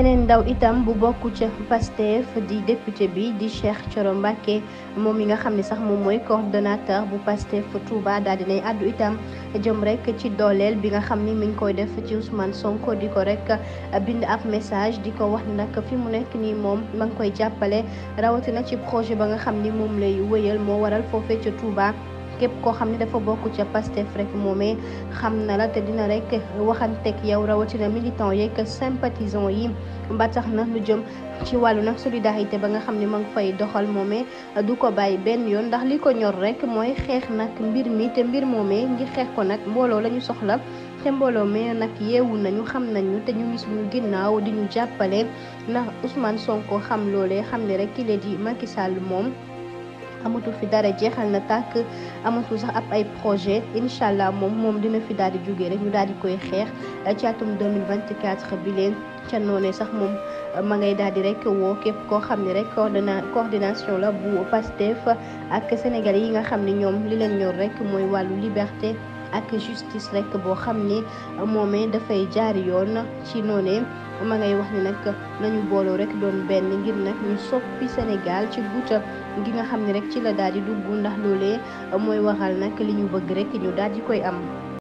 beneen ndaw itam bu bokk ca fa di député bi di Cheikh coro Mbacké moom mi nga xam ni sax moom mooy coordonnateur bu Pastef Touba daal nay àddu itam jëm rek ci dooleel bi nga xam ni mi ngi koy def ci man Sonko di ko rek bind ak message di ko wax nag fi mu nekk nii moom ma ngi koy jàppale rawatina ci projet ba nga xam ni moom lay wëyal moo waral foofee ca Touba képp koo xam ne dafa bokk ca Pastef rek moomee xam na la te dina rek waxanteeg yow rawatina militant yeeg sympathisant yi ba tax na lu jëm ci wàllu nag solidarité ba nga xam ne ma ngi fay doxal moomee du ko bàyyi benn yoon ndax li ko ñor rek mooy xeex nag mbir mi te mbir moomee ngir xeex ko nag mbooloo la ñu soxla te mbooloo mais nag yeewu nañu xam nañu te ñu ngi ñu ginnaaw di ñu jàppale ndax Ousmane Sonko xam loolee xam ne rek ki la di Macky Sall moom. amatul fi dara jeexal na tàkk amatul sax ab ay projet incha moom moom dina fi daal di rek ñu daal koy xeex euh, ci 2024 bi leen ca noonee sax moom euh, ma ngay daal di rek woo képp koo xam rek coordination la bu Pastef ak sénégalais yi nga xam ne ñoom li rek mooy wàllu liberté ak justice rek boo xam ne euh, moomee dafay yoon ci ma ngay wax ni nag nañu booloo rek doon benn ngir nag ñu soppi Sénégal ci guuta gi nga xam ne rek ci la daal di dugg ndax loolee mooy waxal nag li ñu bëgg rek ñu daal koy am.